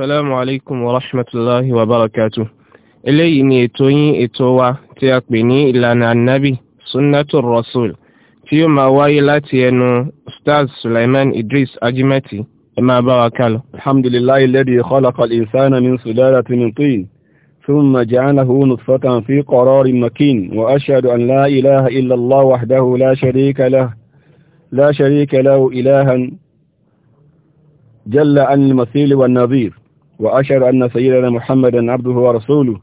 السلام عليكم ورحمة الله وبركاته إلي نيتوي إتوى تيقبني إلا النبي سنة الرسول في ما ويلاتي أنو أستاذ سليمان إدريس أجمتي ما باركال الحمد لله الذي خلق الإنسان من سلالة من طين ثم جعله نطفة في قرار مكين وأشهد أن لا إله إلا الله وحده لا شريك له لا شريك له إلها جل عن المثيل والنظير وأشهد أن سيدنا محمد عبده ورسوله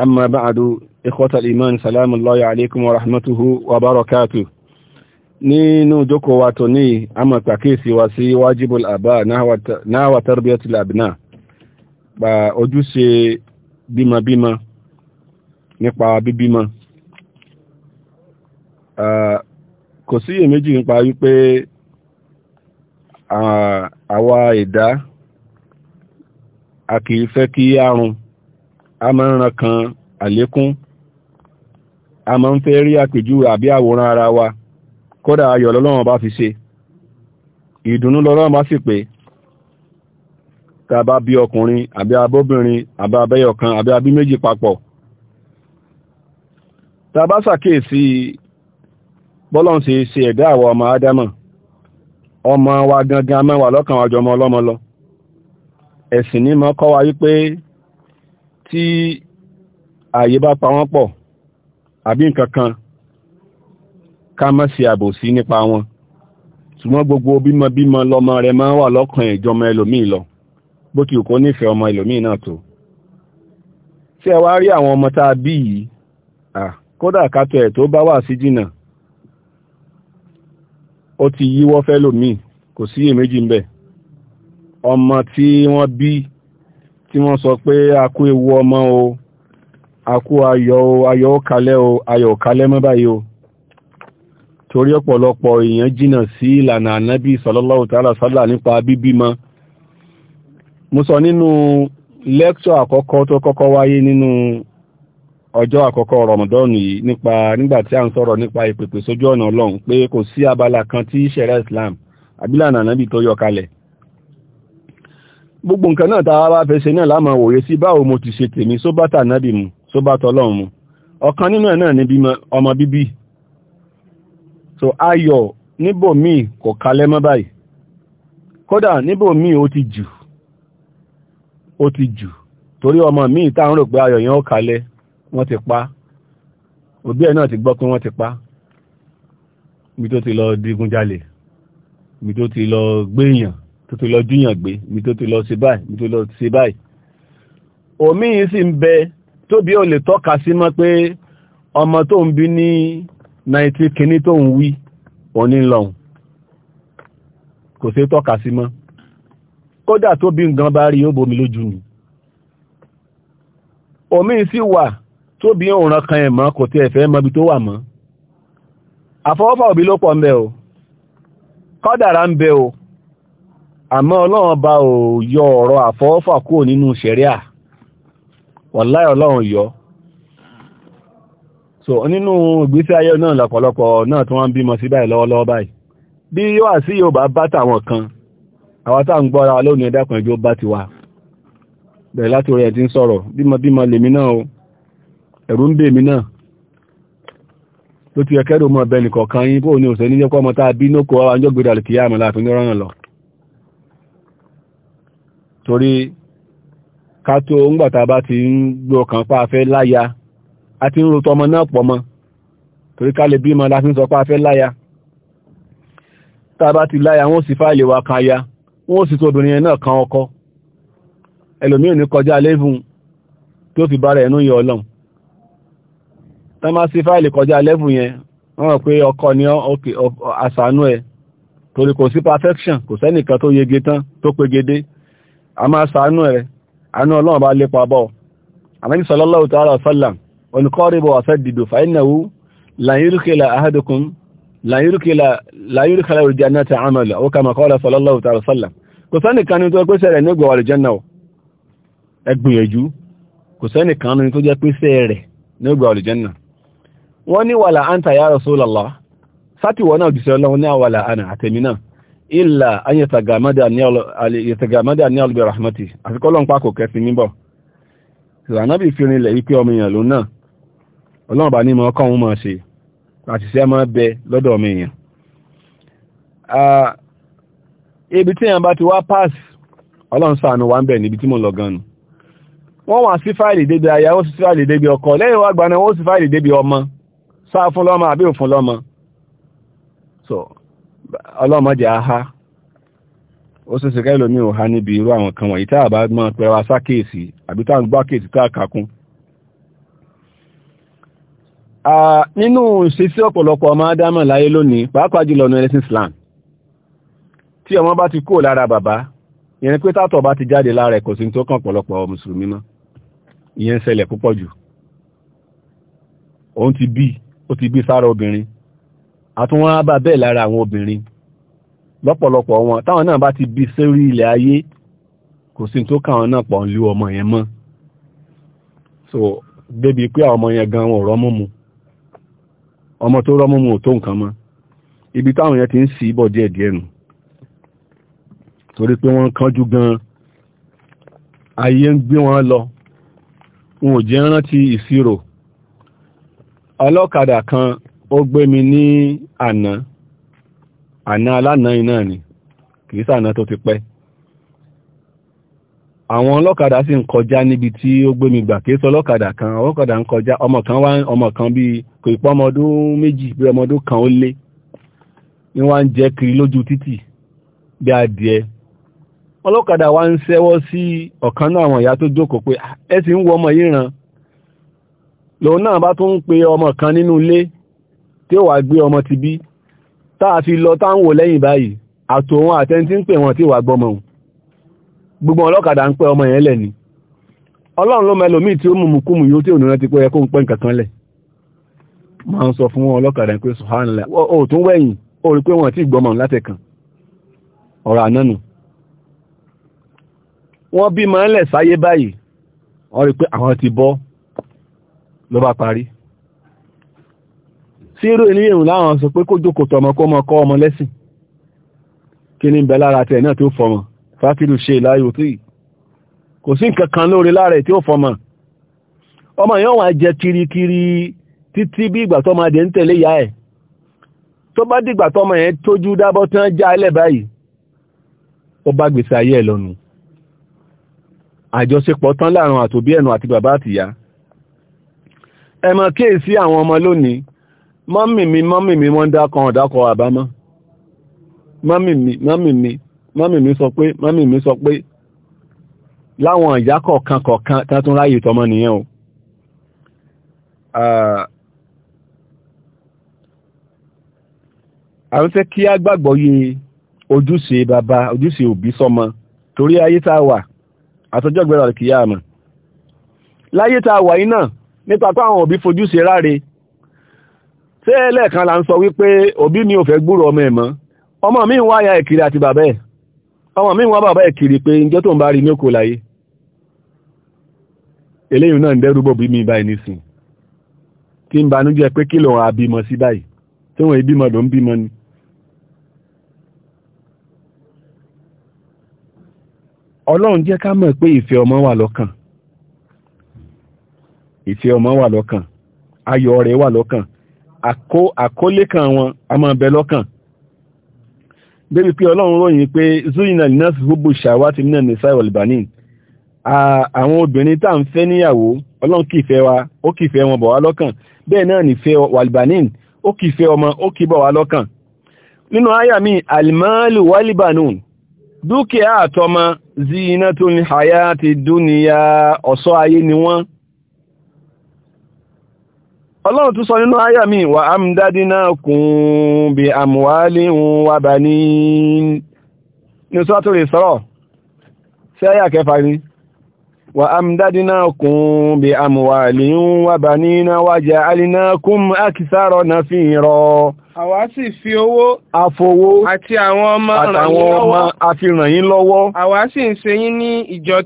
أما بعد إخوة الإيمان سلام الله عليكم ورحمته وبركاته نينو جوكو واتوني أما تاكيسي وسي واجب الآباء نحو تربية الأبناء ojúṣe بما nípa bíbímọ kò síyèméjì nípa wípé àwa ẹ̀dá a kì í fẹ́ kí a máa ń àlékún a máa ń fẹ́ rí àpèjúwe àbí àwòrán ara wa kódà ayọ̀ lọ́lọ́run bá fi ṣe ìdùnnú lọ́lọ́run bá sì pé bá bí ọkùnrin àbí abóbìnrin àbí abẹ́yọ̀kan àbí abí méjì papọ̀ ṣàkíyèsí bọ́lọ́n ṣe ẹ̀dá ọmọ ádámọ̀ ọmọ wa gangan lọ́kàn ẹ̀sìn ní máa kọ́ wa wípé tí ààyè bá pa wọ́n pọ̀ àbí nǹkan kan ká má ṣe àbòsí nípa wọn ṣùgbọ́n gbogbo bímọ bímọ lọmọ rẹ máa wà lọ́kàn ìjọmọ ẹlòmíì lọ bó ti kò nífẹ̀ẹ́ ọmọ ẹlòmíì náà tó tí ẹ wá rí àwọn ọmọ tá a bí yìí kódà kátó ẹ̀ tó bá wà sí jìnnà ó ti yíwọ́ fẹ́lòmíì kò sí èméjì ń bẹ́ẹ̀ ọmọ tí wọ́n bí tí wọ́n sọ pé a ewu ọmọ o a kú ayọ̀ o ayọ̀ ó kalẹ̀ o ayọ̀ ó kalẹ̀ mọ́ báyìí o torí ọ̀pọ̀lọpọ̀ èèyàn jìnnà sí ìlànà ànábì sallallahu ta'ala sálà nípa mo sọ nínú lẹ́kṣọ̀ àkọ́kọ́ tó kọ́kọ́ wáyé nínú ọjọ́ àkọ́kọ́ rọmọdọ́nù yìí nípa tí a ń sọ̀rọ̀ nípa ìpèpè sójú ọ̀nà ọlọ́run pé kò sí abala kan tí ṣẹ̀rẹ̀ Islam abilànà ànábì tó yọ kalẹ̀ gbogbo nǹkan náà tàà bá fẹ́ ṣe náà láàmà wòye sí báwo mo ti ṣe tèmi só bá tànábì mu só bá ọ̀kan nínú ẹ̀ náà ni ọmọ bíbí so ayọ̀ níbò míì kò kalẹ́ mọ́ báyìí kódà níbò míì ó ti jù ó ti jù torí ọmọ míì tá ń rò pé ayọ̀ yẹn ó kalẹ́ wọ́n ti pa òbí ẹ̀ náà ti gbọ́ pé wọ́n ti pa ibi tó ti lọ digunjalè ibi tó ti lọ gbéyàn tó ti lọ júyàn gbé mi tó ti lọ ṣe báyìí mi tó lọ ṣe báyìí òmí yìí sì ń bẹ tóbi ò lè tọ́ka sí mọ́ pé ọmọ tó ń bí ní 19 kìíní tó ń wí òní lọ́hùn kò sí tọ́ka sí mọ́ kódà tó bí nǹkan bá rí ó lójú ni òmí sì wà tóbi òun kan ẹ̀ mọ́ kò tí ẹ̀fẹ́ mọ́bi tó wà mọ́ àfọwọ́fà òbí ló pọ̀ ń bẹ o kọ́dàrá ń bẹ o àmọ́ ọlọ́run bá ò yọ ọ̀rọ̀ àfọwọ́fà kúrò nínú ṣẹ̀ríà wàláì ọlọ́run yọ so nínú ìgbésí ayé náà lọ́pọ̀lọpọ̀ náà tí wọ́n ń bímọ sí báyìí lọ́wọ́lọ́wọ́ báyìí bí yóò àsí yóò bá bá tàwọn kan àwọn tá ń gbọ́ra lónìí ẹ̀dàkùn ìjọ bá ti wà bẹ̀rẹ̀ láti orí ẹ̀ ti ń sọ̀rọ̀ bímọ bímọ lèmi náà o ẹ̀rù ń bè mí náà ló ti ẹkẹ́rù mọ́ ọbẹ̀ nìkọ̀ọ̀kan yín bóò ní òṣèlú jẹ́kọ́ ọmọ tá a bí nókòó àwọn àjọgbèrè àlùkìyà àmọ́ láàfin lọ́rọ̀ lọ torí ká tó ńgbàtà bá ti ń gbọ́kàn pa afẹ́ láya a ti ń ro tọmọ náà pọ̀ mọ́ torí ká lè bímọ láti ń sọ pa afẹ́ láya tá bá ti láya wọ́n sì fáìlì wa kan aya wọ́n sì tó obìnrin náà kan ọkọ ẹlòmíràn ní kọjá lẹ́fún tí ó fi bára ẹ̀nú yọ ọlọ́run torí kò sí perfection kò sẹ́nìkan tó yege tán tó pegede a máa sàánú rẹ̀ àánú ọlọ́run bá lépa bọ́ ànábì sallallahu ta'ala sallam oníkọ́rìbọ̀ àṣẹ́dìdò fàínàwó láyírùkẹ́lá ahadukum láyírùkẹ́lá al-jannata amala ó kama qala sallallahu ta'ala sallam kò sẹ́nì kan ní tó jẹ́ pé iṣẹ́ rẹ̀ ní gbọ̀wà al-janna ẹ gbìyànjú kò sẹ́nì kan ní tó jẹ́ pé iṣẹ́ rẹ̀ ní gbọ̀wà al-janna wọ́n ní wàlà anta ya rasulallah sátìwọ̀ náà jùsẹ̀ ọlọ́run ní àwàlà àna náà ìlà ayẹ̀tàgàmádà ní ọlọ́bẹ̀ rahmati àti kọ́lọ́n pàkò kẹsì níbọ̀ ìrànábì fi rinlẹ̀ wípé ọmọ èèyàn ló náà ọlọ́ọ̀bá ní mọ́ kọ́ wọn mọ́ ṣe àti sí ẹmọ́ bẹ lọ́dọ̀ ọmọ èèyàn ibi tí wa ń bẹ níbi tí mo lọ gan wọ́n wà sí fáìlì débi aya ó sì fáìlì débi ọkọ lẹ́yìn wá gbaná ó so ọlọ́mọdé aha ó sì sẹ́kẹ́ lómi ò ha níbi irú àwọn kan wọ̀nyí tá àbá mọ́ pẹ̀wà sákèèsì àbí tá ń gbá kéèsì tá àkàkún nínú ìṣesí ọ̀pọ̀lọpọ̀ ọmọ adámọ̀ láyé lónìí pàápàá jùlọ ọ̀nà ẹlẹ́sìn Islam tí ti kó lára bàbá ìyẹn pé tátọ̀ bá ti jáde lára ẹ̀kọ́ sí tó kàn pọ̀lọpọ̀ mùsùlùmí mọ́ ìyẹn ṣẹlẹ̀ púpọ̀ jù òun ti bí ó ti bí obìnrin àtúnwọ́n á bá bẹ́ẹ̀ lára àwọn obìnrin lọ́pọ̀lọpọ̀ wọn táwọn náà bá ti bí sérí ilẹ̀ ayé kò sí tó káwọn náà pọ̀ ń lú ọmọ yẹn mọ́ so débi pé àwọn ọmọ yẹn gan wọn rọ́mú mu ọmọ tó rọ́mú mu ò tó nǹkan mọ́ ibi táwọn yẹn ti ń sí bọ̀ díẹ̀ díẹ̀ nù torí pé wọ́n kánjú gan ayé ń gbé wọn lọ wọn ò jẹ́ rántí ìṣirò ọlọ́kadà kan ó gbé mi ní àná àná iná ni kìí sàná tó ti pẹ́ àwọn ọlọ́kadà sì ń kọjá níbi tí ó gbé mi gbà kìí sọ ọlọ́kadà kan ọlọ́kadà ń kọjá ọmọ kan wá ọmọ kan bí kò ìpọ́ ọmọdún méjì bí kan ó lé ní wá ń jẹ́ kiri lójú títì bí adìẹ ọlọ́kadà wá ń sí ọ̀kan náà àwọn ìyá tó jókòó pé pe ọmọ kan nínú ilé tí ó wà gbé ọmọ ti bí táà fi lọ táwọn wò lẹ́yìn báyìí àtòun àtẹ́ntí ń pè wọn tí wà gbọmọ òun gbogbo ọlọ́kadà ń pẹ́ ọmọ yẹn lẹ̀ ni ọlọ́run ló mẹ́lò míì tí ó mú kúmù yóò tí ò nìran ti pé ẹkùn pẹ́ nǹkan lẹ̀ máa ń sọ fún wọn ọlọ́kadà pé sọ̀hánilẹ̀ ó tún wẹ̀yìn ó rí pé wọn tí gbọmọ látẹ̀kàn ọ̀rọ̀ ànánu wọ́n bí máa ń lẹ̀ sáyé báyìí wọ́n rí pé àwọn ti bọ́ ló bá parí tí èrò ilé ìrùn láwọn sọ pé kó jókòó tọmọ kó mọ kọ́ ọmọ lẹ́sìn kí ní bẹ lára tẹ̀ náà tí ó fọmọ fákìlù ṣe láyò tí kò sí nǹkan kan lóore lára tí ó fọmọ ọmọ yóò wá jẹ kirikiri títí bí ìgbà tọmọ adé ń tẹ̀lé ìyá ẹ̀ tó bá dìgbà tọmọ yẹn tójú dábọ́ tán já ilẹ̀ báyìí ó bá gbèsè ayé ẹ̀ lọ́nu àjọṣepọ̀ tán láàrin àtòbí ẹ̀nu àti bàbá àtìyá ẹ̀mọ̀ kéèsí àwọn ọmọ lónìí mọ́mì mi mọ́mì mi wọ́n dákọ̀ ọ̀dákọ̀ àbámọ́ mọ́mì mi mọ́mì mi mọ́mì mi sọ pé mọ́mì mi sọ pé láwọn ìyá kọ̀ọ̀kan kọ̀ọ̀kan tátún ráyè tọmọ nìyẹn o a ń fẹ́ kí a gbàgbọ́ yí ojúṣe bàbá ojúṣe òbí sọmọ torí ayé tá a wà àtọjọ́ gbẹ̀rọ̀ kìí àmà láyé tá a wà yìí náà nípa pé àwọn òbí fojúṣe ráre ṣé ẹlẹ́ẹ̀kan la ń sọ wípé òbí mi ò fẹ́ gbúrò ọmọ ẹ̀ mọ́ ọmọ mi ń wá ya ẹ̀kiri àti bàbá ẹ̀ ọmọ mi ń wá bàbá ẹ̀kiri pé njẹ́ tó ń bá rí ní òkò láyé eléyìí náà ń dẹ́rù bòbí mi báyìí nísìn kí n banújẹ́ pé kí lòun àbímọ sí báyìí tí wọ́n ìbímọ ló ń bímọ ni ọlọ́run jẹ́ ká mọ̀ pé ìfẹ́ ọmọ wà lọ́kàn ìfẹ́ ọmọ wà lọ́kàn ayọ̀ rẹ̀ wà lọ́kàn àkólé kan wọn a máa bẹ lọ́kàn débi pé ọlọ́run ròyìn pé zuyina linus gbogbo ṣàwá ti mìíràn ní sáìwọ̀lì banin àwọn obìnrin tá à ń fẹ́ níyàwó ọlọ́run kì í fẹ́ wa ó kì í fẹ́ wọn bọ̀ wá lọ́kàn bẹ́ẹ̀ náà nìfẹ́ wàlìbanin ó kì í fẹ́ ọmọ ó kì í bọ̀ wá lọ́kàn nínú àyà mi alimalu walibanun dúkìá àtọmọ zinatun hayati dúnìyà ọ̀ṣọ́ ayé ni wọ́n ọlọ́run tún sọ nínú àyà mi wà ámdádínà kún bí àmúwálé ń wà bá ní ní sọ́tò lè sọ́rọ̀ sí àyà kẹfà ni wà ámdádínà kún bí àmúwálé ń wà bá ní iná wájà alìnà kún àkìsàrọ̀ na fi rọ àwa sì fi owó àfowó àti àwọn ọmọ àfihàn yín lọ́wọ́ àwa sì ń ṣe yín ní ìjọ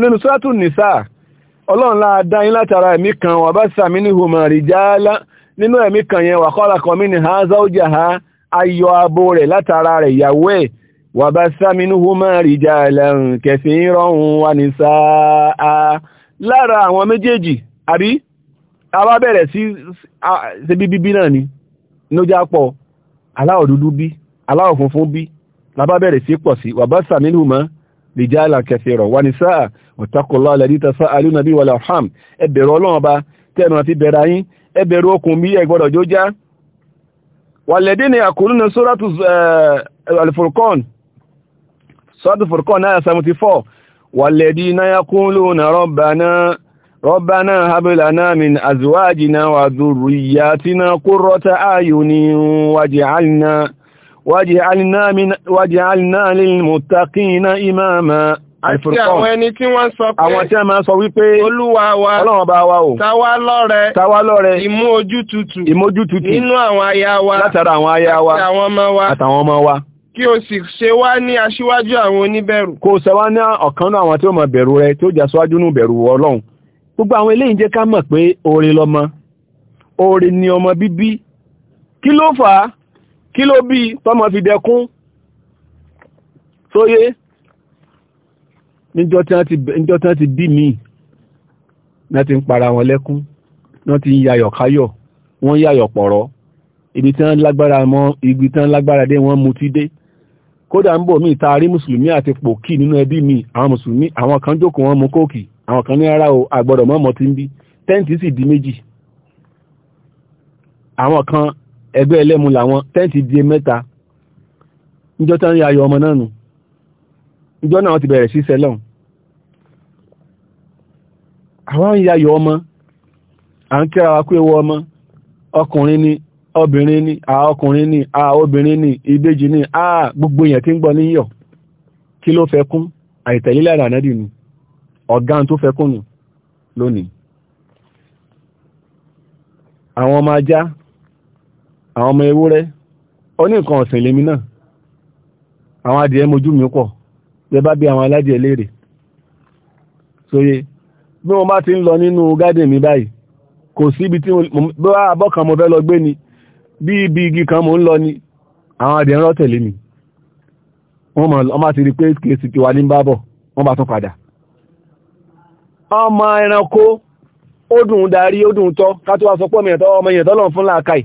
nínú sọ́tò nìsáà ọlọ́run láà dá yín látara ẹ̀mí kan wà bá sàmì ní hùmà rìjálá nínú ẹ̀mí kan yẹn wà kọ́lá kan mí ní ha záújà ha ayọ̀ abo rẹ̀ látara rẹ̀ ìyàwó ẹ̀ wà bá sàmì ní hùmà rìjálá kẹfì rọ̀hún wà ní sáà lára àwọn méjèèjì àbí àwa bẹ̀rẹ̀ sí ṣe bíbí náà ni lójá pọ̀ aláwọ̀ dúdú bí aláwọ̀ funfun bí labá bẹ̀rẹ̀ sí pọ̀ sí wà bá sàmì rìjálà kẹfẹ́rọ̀ wà ní sáà ọ̀takọ̀lá alẹ́dítà sáà alúnàbí wà láhàm ẹbẹ̀rù ọlọ́run ọba tẹ́nu àti bẹ̀rẹ̀ ayín ẹbẹ̀rù okùn bí ẹgbọ́dọ̀ jó já wàlẹ́dí ni àkùnrin ní sóràtù eh, alifurukọ́n sóràtù furukọ́n náà 74 wàlẹ́dí náà kúnlù na rọ́bàná rọ́bàná habilana min azuwájina wájìálìná lilmuttaqina imama àìfúrùkọ́ àwọn ẹni tí wọ́n sọ pé àwọn tí a máa sọ wípé olúwa wa ọlọ́wọ́n bá wa o tàwa lọ́rẹ tàwa lọ́rẹ ìmú kí o sì ṣe wá ní aṣíwájú àwọn oníbẹ̀rù kó ṣe wá ní ọ̀kan náà àwọn tí ó mọ̀ bẹ̀rù rẹ tí ó jà síwájú nù bẹ̀rù ọlọ́run gbogbo àwọn eléyìí jẹ́ ká mọ̀ pé oore lọmọ oore ni ọmọ bíbí kí ló fà á kí ló bí tọ́mọ fi dẹkún sóyé níjọ́ tí wọ́n ti bí mi náà ti ń para wọn lẹ́kún náà ti ń yayọ̀ káyọ̀ wọ́n yayọ̀ pọ̀rọ̀ ibi tí wọ́n lágbára mọ́ ibi tí wọ́n lágbára dé wọ́n mutí dé kódà ń bọ̀ mí ta rí mùsùlùmí àti pòkì nínú ẹbí mi àwọn mùsùlùmí àwọn kan jókòó wọn mu kóòkì àwọn kan ní ara o àgbọ̀dọ̀ mọ́mọ́ ti ń bí tẹ́ǹtì sì di méjì àwọn kan ẹgbẹ́ ẹlẹ́mu làwọn tẹ́ǹtì di mẹ́ta níjọ́ tán ọmọ náà nù níjọ́ náà ti bẹ̀rẹ̀ sí sẹ́lọ̀n àwọn ọmọ à ń ọmọ ọkùnrin ni ni a ọkùnrin a obìnrin ni ni a gbogbo èèyàn tí ń gbọ́ níyọ̀ kí ló fẹ́ kún àìtẹ̀lélànà ànádì ni tó fẹ́ àwọn ọmọ ewúrẹ́ oníkan ní ọ̀sìn lèmi náà àwọn adìẹ mojú mi pọ̀ bẹ bá bí àwọn aládìẹ léèrè sóye bí wọ́n bá ti ń lọ nínú mi báyìí kò sí ibi tí mo kan mo fẹ́ lọ gbé ni bí ibi igi kan mo ń lọ ni àwọn mi wọ́n pé kèsì ti wà ní bábọ̀ wọ́n bá ọmọ ẹranko ó dùn darí ó dùn tọ́ ká tó wá sọ pọ́ mi ẹ̀tọ́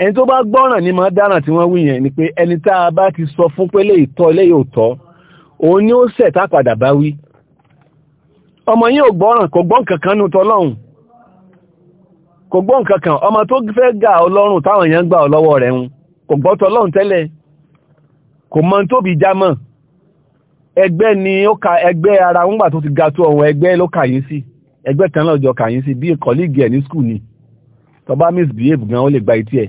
ẹni tó bá gbọ́ràn ní máa dáràn tí wọ́n wí yẹn ni pé ẹni tá a bá ti sọ fún pé léyìí tọ́ léyìí ò tọ́ òun ni ó ṣẹ̀ tá padà bá wí ọmọ yìí ò gbọ́ràn kò gbọ́n kankan nu tọlọ́hun kò gbọ́n kankan ọmọ tó fẹ́ gà ọlọ́run táwọn èèyàn gbà ọ lọ́wọ́ rẹ̀ ń kò gbọ́ tọlọ́hun tẹ́lẹ̀ kò mọ tóbi jámọ̀ ẹgbẹ́ ni ó ka ẹgbẹ́ ara ńgbà tó ti ga tó ọ̀hún ẹgbẹ́ ló kà sí ẹgbẹ́ kan náà jọ sí bí kọ́líìgì ẹ̀ ní skul ni tó bá misbehave gan ó lè gba etí ẹ̀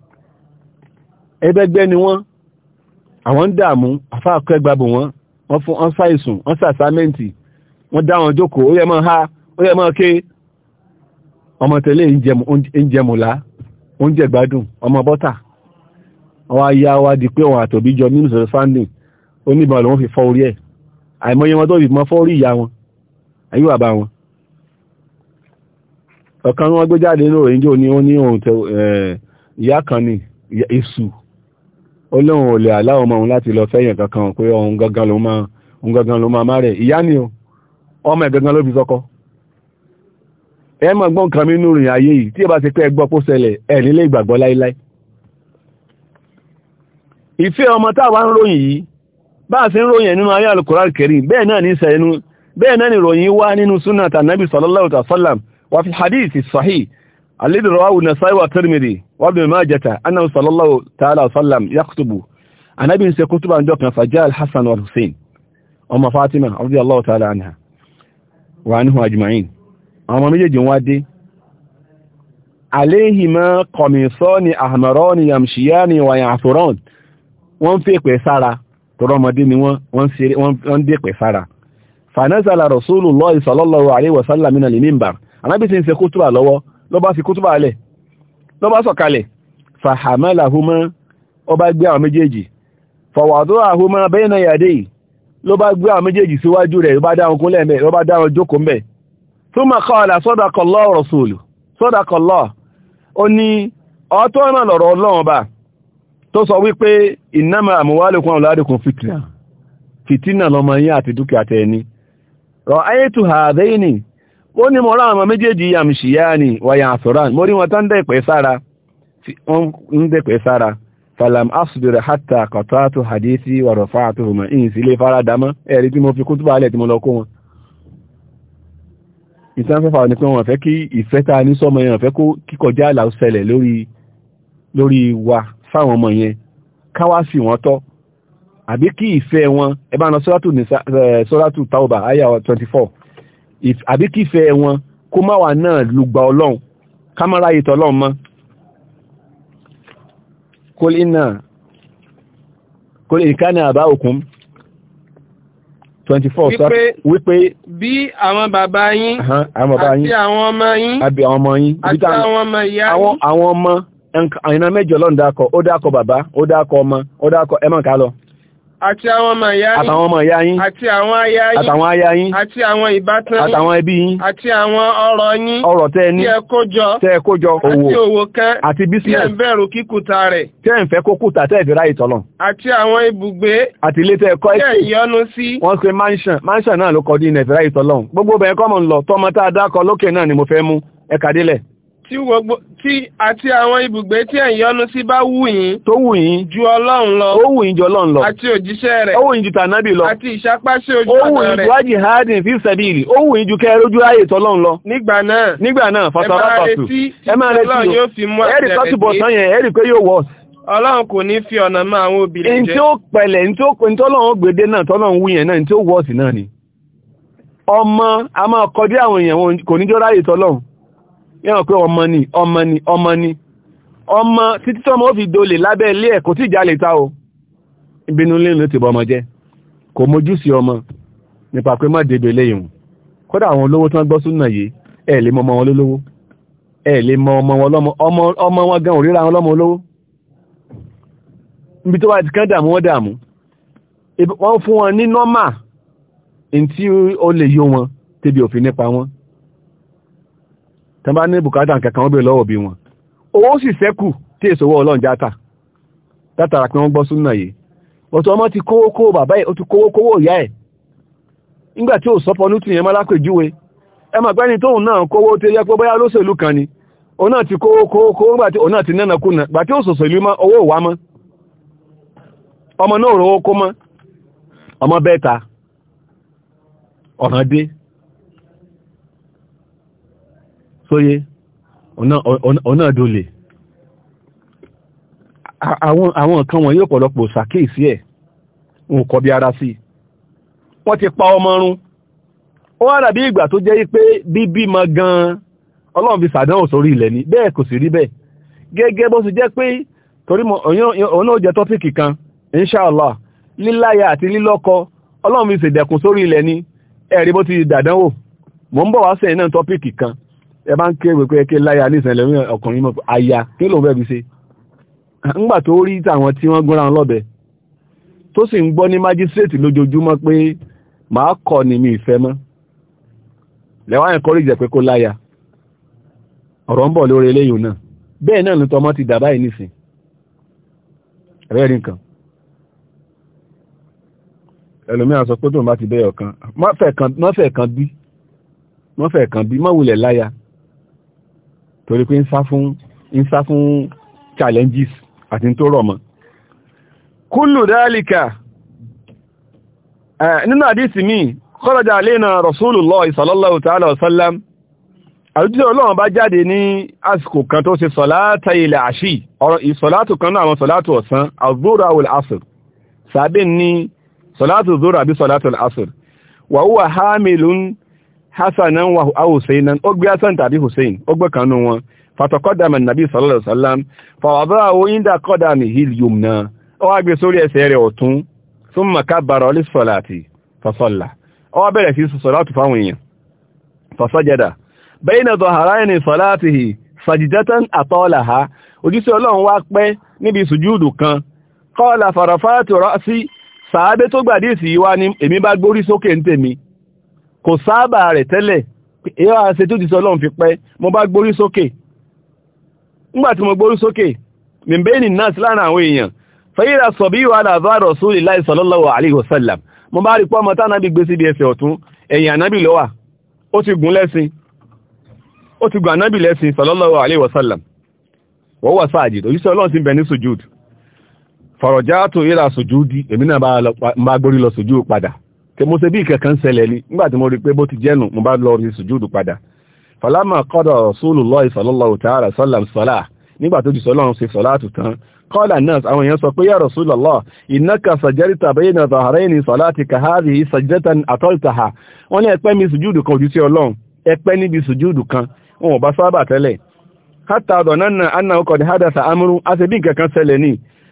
ẹgbẹ́gbẹ́ ni wọ́n àwọn ń dààmú àfáàkọ́ ẹgbàbò wọn wọ́n fún ọ́n ṣàìsùn ọ́n ṣàṣámẹ́ǹtì wọ́n dá wọn jókòó ó yẹ mọ́ ha ó yẹ mọ́ ké ọmọ tẹ̀lé ìjẹmùlá oúnjẹ gbádùn ọmọ bọ́tà wọ́n ya wa di pé wọn àtòbí jọ nínú sọ̀rọ̀ sanding oníbọn lòun fi fọ́ orí ẹ̀ àìmọye wọn tó fi mọ́ fọ́ orí ìyá wọn ayé bàbá wọn ọ̀kan wọn gbé jáde lóòrè ní òní òun ìyá kan ni èṣù ó lóun ò lè aláwọ̀ ọmọ òun láti lọ fẹ́yàn kankan pé òun gangan ló máa òun gangan ló máa rẹ̀ ìyá ni o ọmọ ẹ̀ gangan ló fi sọ́kọ́ ẹ mọ̀ gbọ́n kan mi nínú ìrìn ayé yìí tí ẹ bá ti pẹ́ gbọ́ pó ṣẹlẹ̀ ẹ̀ nílé ìgbàgbọ́ láíláí ìfẹ́ ọmọ táwa ń ròyìn yìí bá a ṣe ń ròyìn nínú ayé alukura kẹrin bẹ́ẹ̀ náà ní sẹ́nu bẹ́ẹ̀ náà ni ròyìn wá nínú súnà tànàbì sallallahu alaihi wasallam wà fi hadith sahih الذي رواه النسائي والترمذي وابن ماجه انه صلى الله تعالى وسلم يخطب عن ابي سكتب عن جوكنا فجاء الحسن والحسين ام فاطمه رضي الله تعالى عنها وعنه اجمعين اما ميجي وادي عليهما قميصان احمران يمشيان ويعثران وان في قيسارا ترمدي ني وان وان دي قيسارا فنزل رسول الله صلى الله عليه وسلم من المنبر انا بيسن سكتب الله lọ́ba fi kútúbà alẹ̀ lọ́ba sọ̀kalẹ̀ fàhàmàlàhùmọ́ ọba gbé àwọn méjèèjì fọ̀wàdúrà àhùmọ́ bẹ́ẹ̀nà yàdé yìí ló bá gbé àwọn méjèèjì síwájú rẹ̀ ló bá dáhùn kúnlẹ̀ mẹ́ ló bá dáhùn jókòó mẹ́ tó máa kọ́ ọ̀là sọ́dàkọ̀lọ́ rọ̀sùlù sọ́dàkọ̀lọ́ ó ní ọ̀tọ̀ náà lọ̀rọ̀ ọlọ́run bá tó sọ wípé ìnáma àmúwálòkun ó ní mo rá àwọn méjèèjì yàmṣìyá ni wàyà àṣọ́rán mo rí wọn tán dẹ̀pẹ̀ sára wọ́n ń dẹ̀pẹ̀ sára falam asùdìrì hàtà kọ̀tàtù hadithi wàrọ̀fà àtòhùmọ̀ ìyìn sí ilé fara dámọ́ ẹ̀rí tí mo fi kú túbà alẹ́ tí mo lọ kó wọn ìtànfẹ́fà ní pé wọ́n fẹ́ kí ìfẹ́ ta ní sọ́mọ yẹn fẹ́ wa fáwọn ọmọ yẹn káwá sí wọn tọ́ àbí kí ìfẹ́ wọn ẹ bá lọ sọ́ràtù tàwọ̀bà àyà 24 àbí kífẹ́ wọn kó má wà náà lùgbà ọlọ́run kámọ́ra ìtọ̀ ọlọ́run mọ́ kul inna kul ìkánà àbá òkun 24 sọ wípé bí àwọn bàbá yín àti àwọn ọmọ yín àbí àwọn ọmọ yín àti àwọn ọmọ ìyá yín àwọn ọmọ ìran mẹ́jọ lọ́nà dákọ̀ ó dákọ̀ bàbá ó dákọ̀ ọmọ ó dákọ̀ ẹmọ́ kálọ̀ àti àwọn ọmọ ìyá yín àtàwọn ọmọ ìyá yín àti àwọn aya yín àtàwọn aya yín àti àwọn ìbátan yín àtàwọn ẹbí yín àti àwọn ọrọ̀ yín ọrọ̀ tẹ́ ẹ ní tẹ́ ẹ kó jọ tẹ́ ẹ kó jọ owó àti òwò kan àti business tẹ́ ẹ ń bẹ̀rù kíkùtà rẹ̀ tẹ́ ẹ ń fẹ́ kó kùtà tẹ́ ẹ fi ráyè tọ́lọ̀ àti àwọn ibùgbé àti ilé tẹ́ ẹ kọ́ ẹ sí. wọ́n pe mansion mansion náà ló kọ́ dín ẹ̀fẹ̀ ráyè tọ́lọ̀ gbogbo bẹ̀rẹ̀ kọ́mọ̀ ń lọ tọmọ tá a dákọ lókè náà ni mo fẹ́ mú ẹ kàdílẹ̀ tí gbogbo tí àti àwọn ibùgbé tí ẹ̀ ń sí bá wù yín. tó wù yín. ju ọlọ́run lọ. ó wù yín ju ọlọ́run lọ. àti òjíṣẹ́ rẹ̀. ó wù yín ju tànábì lọ. àti ìṣapáṣe ojú ọ̀nà rẹ̀. ó wù yín ju wájì hádìn fi ó wù yín ju ojú ayé lọ. nígbà náà. nígbà náà fasara pàtó. ẹ máa retí ọlọ́run yóò kò ní fi ọ̀nà àwọn obìnrin jẹ. ó pẹ̀lẹ̀ tí ó gbèdé náà náà a máa kọjú àwọn èèyàn kò ní jọ́ráyè yẹ́wọ̀n pé ọmọ ni ọmọ ni ọmọ ni ọmọ títí tọ́mọ ó fi dolè lábẹ́ ilé ẹ̀ kò tí ìjà lè ta o ìbínú ilé ló ti bọ́ ọmọ jẹ́ kò mójú sí ọmọ nípa pé má débi eléyìí hùn kódà àwọn olówó tí wọ́n gbọ́ súnà yìí ẹ̀ lè mọ ọmọ wọn lólówó ẹ̀ lè mọ tán bá ní bùkátà kankan wọ́n bèèrè lọ́wọ́ bí wọn owó sì sẹ́kù tí èso wọ́ ọlọ́run játa látara pé wọ́n gbọ́ súnà yìí ọmọ ti kówó kówó bàbá ẹ̀ ó ti kówó kówó ìyá ẹ̀ tí ò sọ́pọ̀ ní tìyẹn má lápèjúwe ẹ mà gbẹ́ni tóun náà kówó tó yẹ pé bóyá kan ti kówó kówó kówó tí òun náà ti kùnà tí ìlú mọ́ owó wa mọ́ ọmọ náà rówó kó mọ́ ọmọ bẹ́ẹ̀ ta sóyé ọ̀nà dolè àwọn nǹkan wọ̀nyí ọ̀pọ̀lọpọ̀ ṣàkíyèsí ẹ̀ ń kọ́ bí ara sí wọ́n ti pa ọmọ run ó wá dàbí ìgbà tó jẹ́ pé bíbí mọ gan-an ọlọ́run fi sàdánwò sórí ilẹ̀ ni bẹ́ẹ̀ kò sì rí bẹ́ẹ̀ gẹ́gẹ́ bó ṣe jẹ́ pé torí òun náà jẹ́ tọ́pìkì kan inṣàlá líláyà àti lílọ́kọ ọlọ́run fi ṣèdẹ̀kùn sórí ilẹ̀ ni ẹ̀rí bó ti dàdánwò mò ń bọ̀ wá sẹ́yìn náà tọ́pìkì kan ẹ bá ń ké pé ẹ ké láyà nísìnyẹlẹ ní ọkùnrin mọ̀ àyà kí ló ń bẹ́ẹ̀ fi ṣe ńgbà tó rí tàwọn tí wọ́n gúnra wọn lọ́bẹ tó sì ń gbọ́ ní májísírèètì lójoojúmọ́ pé màá kọ́ ni mi ìfẹ́ mọ́ lẹ́wọ́n àyẹ̀kọ́rí jẹ́ pé kó láyà ọ̀rọ̀ ń bọ̀ lórí eléyìí náà bẹ́ẹ̀ náà ní tọmọ ti dà báyìí nìsín rẹ́rìn kan ẹlòmíràn sọ pé tóun bá ti bẹ́ẹ̀ ọ̀kan mọ́fẹ̀ẹ́ kan bí mọ́fẹ̀ẹ́ kan bí mọ́wulẹ̀ láyà torí pé ń sá fún challenges àti tó rọ̀ mọ́ kúlù dálíkà nínú àdísì míì kọ́lọ̀dá na rasulullah sallallahu ta'ala wasallam àdújẹ́ ọlọ́run bá jáde ní àsìkò kan tó ṣe sọ̀látà ilẹ̀ àṣì ọ̀rọ̀ ìsọ̀látù kan náà àwọn ọ̀sán àzúrà wal asr sàbẹ̀ ní sọ̀látù zúrà bí sọ̀látù al asr wà húwà hamilun hasanan wa husainan ó gbé hasan tàbí hussein ó gbé kanú wọn fatọkọdàmà nàbí sallallahu alaihi wasallam fàwàbára owó yínda kọdàmì hil yumna ó wá gbé sórí ẹsẹ̀ rẹ̀ ọ̀tún thumma kabbara li salati fasalla ó wá bẹ̀rẹ̀ sí sọ̀látù fáwọn èèyàn fasajada bayna dhahrayni salatihi sajidatan atalaha òjíṣẹ́ ọlọ́run wá pẹ́ níbi sùjúùdù kan qala farafatu ra'si sàábé tó gbàdí ìsì wá ní èmi bá gbórí sókè kò sáábà rẹ̀ tẹ́lẹ̀ èyí wá ṣe tó ti fi pẹ́ mo bá gborí sókè nígbà mọ mo sókè mìbẹ́ẹ̀nì náà sí láàrin àwọn èèyàn fẹ́yìrà sọ bí wà láàbá rọ̀súlì láì sallallahu alaihi mo bá rí pọ́ gbé ọ̀tún ẹ̀yìn ànábì lọ́wà ó ti gùn lẹ́sìn ó ti gùn ànábì lẹ́sìn tí mo ṣe bí ìkẹ̀kẹ́ ń ṣẹlẹ̀ ni nígbà tí mo rí pé bó ti jẹ́nu mo bá lọ rí sùjúdù padà fàlámà kọ́dọ̀ Rasulullahi sallallahu ta'ala sallam sọ́lá nígbà tó jù sọ́lọ́run ṣe sọ́lá tuntun kọ́là náà àwọn èèyàn sọ pé ya Rasulullah innaka sajjarta bayna dhahrayni salatika hadhihi sajdatan ataltaha wọ́n ní ẹ̀pẹ́ mi sùjúdù kan ojú sí ọlọ́run níbi sùjúdù kan wọn ò bá sábà tẹ́lẹ̀ hatta dhananna annahu qad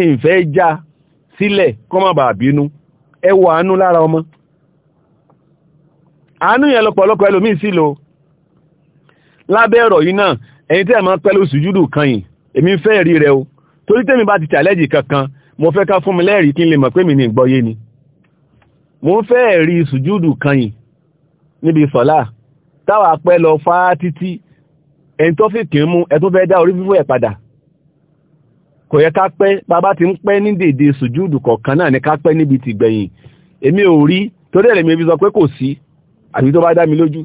ìfẹ́ já sílẹ̀ kọ́ má bàa bínú ẹ wo àánú lára ọmọ àánú yẹn lọ́pọ̀lọpọ̀ ẹlòmíì sí lo lábẹ́ ọ̀rọ̀ yìí náà ẹ̀yin tẹ́ ẹ̀ máa pẹ́lú sùjúdù kan yìí èmi fẹ́ rí rẹ o torí tẹ́mi bá ti challenge kankan mo fẹ́ ká fún mi lẹ́rìí kí n lè mọ̀ pé mi ní ìgbọ́yé ni mo ń fẹ́ rí sùjúdù kan yìí níbi sọ̀lá táwa pẹ́ lọ fáá títí ẹni tó fi kì í mú ẹ tó fẹ́ dá orí fífọ́ ẹ̀ padà kò yẹ ká pẹ́ bàbá ti ń pẹ́ ní dèdè sùjúdù kọ̀ọ̀kan náà ni ká pẹ́ níbi ti gbẹ̀yìn èmi ò rí torí ẹ̀rẹ̀ mi sọ pé kò sí àbí tó bá dá mi lójú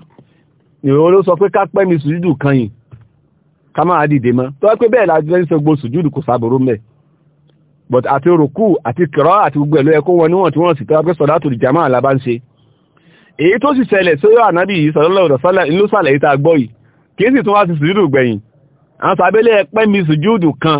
ìwé ló sọ pé ká pẹ́ mi sùjúdù kan yìí ká máa dìde mọ́ tó pé bẹ́ẹ̀ láti fẹ́ sọ gbó sùjúdù kò sábòrò mẹ́ but àti rùkú àti kìrọ́ àti gbogbo ẹ̀lú ẹ̀kọ́ wọn níwọ̀n tí wọ́n sì tọ́ pé sọ̀dá tó dìjà máa lábá ń ṣe èyí tó sì ṣẹlẹ̀ sóyọ́ ànábì yìí sọ̀lọ́lọ́dọ̀sọ́lá ìlú sàlẹ̀ yìí tá a gbọ́ yìí kì í sì tún wá sí sùjúdù gbẹ̀yìn àwọn sàbẹ́lẹ̀ ẹ̀pẹ́ mi sùjúdù kan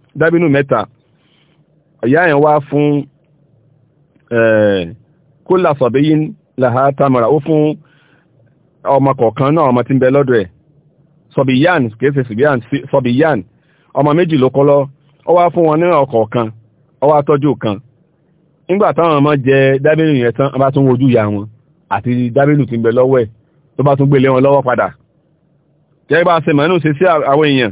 dábínú mẹ́ta ìyá wá fún kó làṣọ̀bíyí làhá tamara ó fún ọmọ kọ̀ọ̀kan náà ọmọ tí ń bẹ lọ́dọ̀ ẹ̀ ọmọ méjì ló kọ́lọ́ ó wá fún wọn ní ọkọ̀ọ̀kan ó wá tọ́jú kan nígbà táwọn ọmọ jẹ dábínú yẹn tán tún wojú ya wọn àti dábínú tí ń bẹ lọ́wọ́ ẹ̀ tó bá tún gbélé wọn lọ́wọ́ padà ṣe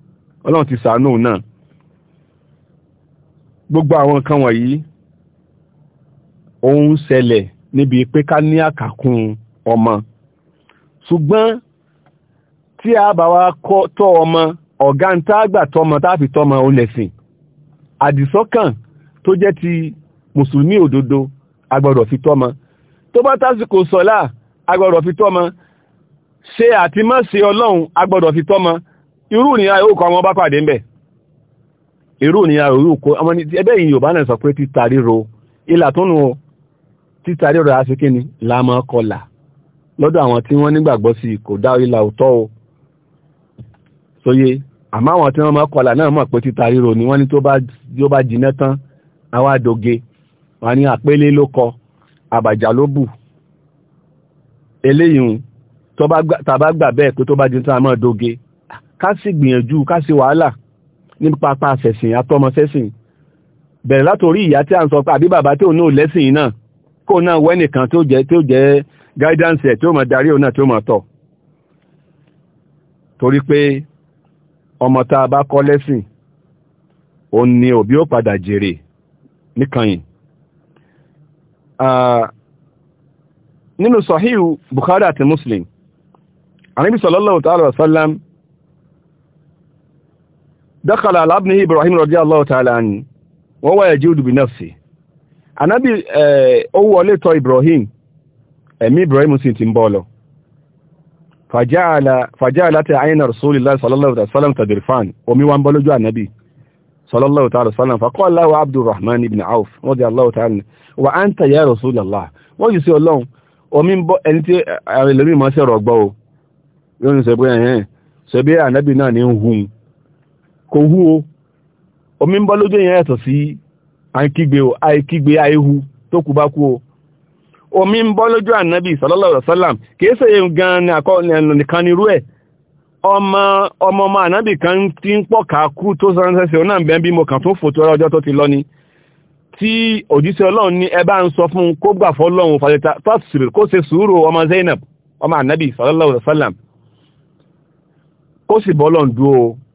ọlọ́run ti sàánú náà gbogbo àwọn nǹkan wọ̀nyí ó ń ṣẹlẹ̀ níbi pé ká ní àkàkùn ọmọ ṣùgbọ́n tí a bá wá tọ́ ọmọ ọ̀gá ń tá àgbà tọmọ táàfi tọmọ olẹ̀sìn àdìsọ́kàn tó jẹ́ ti mùsùlùmí òdodo agbọ́dọ̀ fi tọ́mọ tó bá tásìkò sọ́lá agbọ́dọ̀ fi tọ́mọ ṣe àti má ṣe ọlọ́run agbọ́dọ̀ fi tọ́mọ irú ìrìnà ìhòkọ àwọn bá pàdé ń bẹ̀ irú ìrìnà ìhòkọ àwọn ẹbẹ́ yìí Yorùbá náà sọ pé títa ríro ilà tó nù títa ríro aṣíkíni lámọ́ kọlà lọ́dọ̀ àwọn tí wọ́n nígbàgbọ́ sí kò dá ilà òtọ́ o sóye àmọ́ àwọn tí wọ́n mọ́ kọlà náà mọ̀ pé títa ríro ni wọ́n ní tó bá jiná tán àwọn àdòge wọ́n ní àpélé ló kọ àbàjá ló bù eléyìí tàbá gbà bẹ́ẹ̀ pé tó bá jiná tán àmọ́ dóge ká sì gbìyànjú ká sì wàhálà nípa pa àṣẹ̀sìn àtọmọṣẹ́sìn bẹ̀rẹ̀ látòrí ìyá tí a ń sọ pé àbí bàbá tí ò náà lẹ́sìn náà kó náà wẹ́nìkan tí ó jẹ́ tí ó jẹ́ guidance ẹ̀ tí ó mọ̀ darí òun náà tí ó mọ̀ tọ̀ torí pé ọmọ tá a bá kọ́ lẹ́sìn òun ni òbí ó padà jèrè níkànnì nínú sahihu Bukhari àti Muslim Ànábì sallallahu ta'ala dákàlà alábìní ibrahim radiyallahu ta'ala anhu wọ́n wáyé jí òdùbí náà sí anábì ó wọlé tọ̀ ibrahim ẹ̀mí ibrahim sì ti ń bọ́ lọ fàjáàlá tẹ àyínà rasulillah sallallahu alaihi wasallam tàbírfàn omi wa ń bọ́ lójú anábì sallallahu alaihi wasallam faqala lahu abdurrahman ibn auf radiyallahu ta'ala wa anta ya rasulallah wọ́n yìí sí ọlọ́run omi ń bọ́ ẹni tí ẹlẹ́mìí máa ṣẹ̀rọ̀ gbọ́ o kò hú o omi ń bọ́ lójú èèyàn yàtọ̀ sí àìkígbe o àìkígbe àìhu tó kú bá kú o omi ń bọ́ lójú ànábì sallallahu kìí ṣe gan ni nìkan ọmọ ọmọ kan ti ń pọ̀ ká kú tó ń bẹ́ bí mo kàn fòtò ti lọ ni tí òjíṣẹ́ ọlọ́run ń sọ fún kó gbà fàlẹ́ta kó ṣe sùúrù ọmọ Zainab ọmọ ànábì sallallahu kó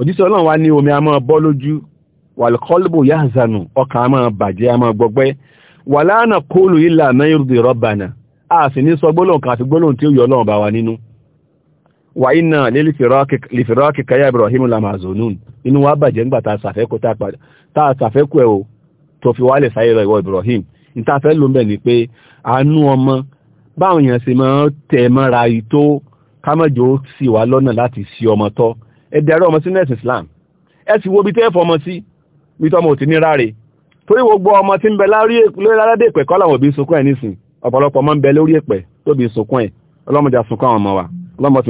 òjíṣẹ́ ọlọ́run wá ní omi a máa bọ́ lójú wàlùkọ́lùbù yáàzánù ọkàn a máa bàjẹ́ a máa gbọgbẹ́ wà láàánà kóòlù ilà mẹ́rùndì rọ́bànà a sì ní sọ gbólóhùn kan àti gbólóhùn tí ó yọ ọlọ́run bá wa nínú wà iná lífìrọ́ọ̀kì káyà Ibrahim lamazonun inú wa bàjẹ́ nígbà tá a sàfẹ́kù ẹ̀ o tó fi wálẹ̀ sáyé lọ ìwọ Ibrahim ìtafẹ́ ló ń bẹ̀ ni pé àánú ọmọ báwọn èèyàn sì máa tẹ̀ mọ́ra yìí tó sì wá lọ́nà láti sí ọmọ tọ́ ẹ̀dẹ̀rẹ́ ọmọ sí nẹ́ẹ̀sì Islam ẹ sì wo bí tẹ́ fọmọ sí bí tọmọ ò ti ní ráre torí gbogbo ọmọ tí ń bẹ lórí aládé ìpẹ̀ kọ́ làwọn òbí sunkún ẹ̀ nísìn ọ̀pọ̀lọpọ̀ ọmọ ń bẹ lórí ìpẹ̀ tóbi sunkún ẹ̀ ọlọ́mọjà sunkún àwọn ọmọ wa ọlọ́mọ tí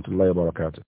wọ́n fàdánwò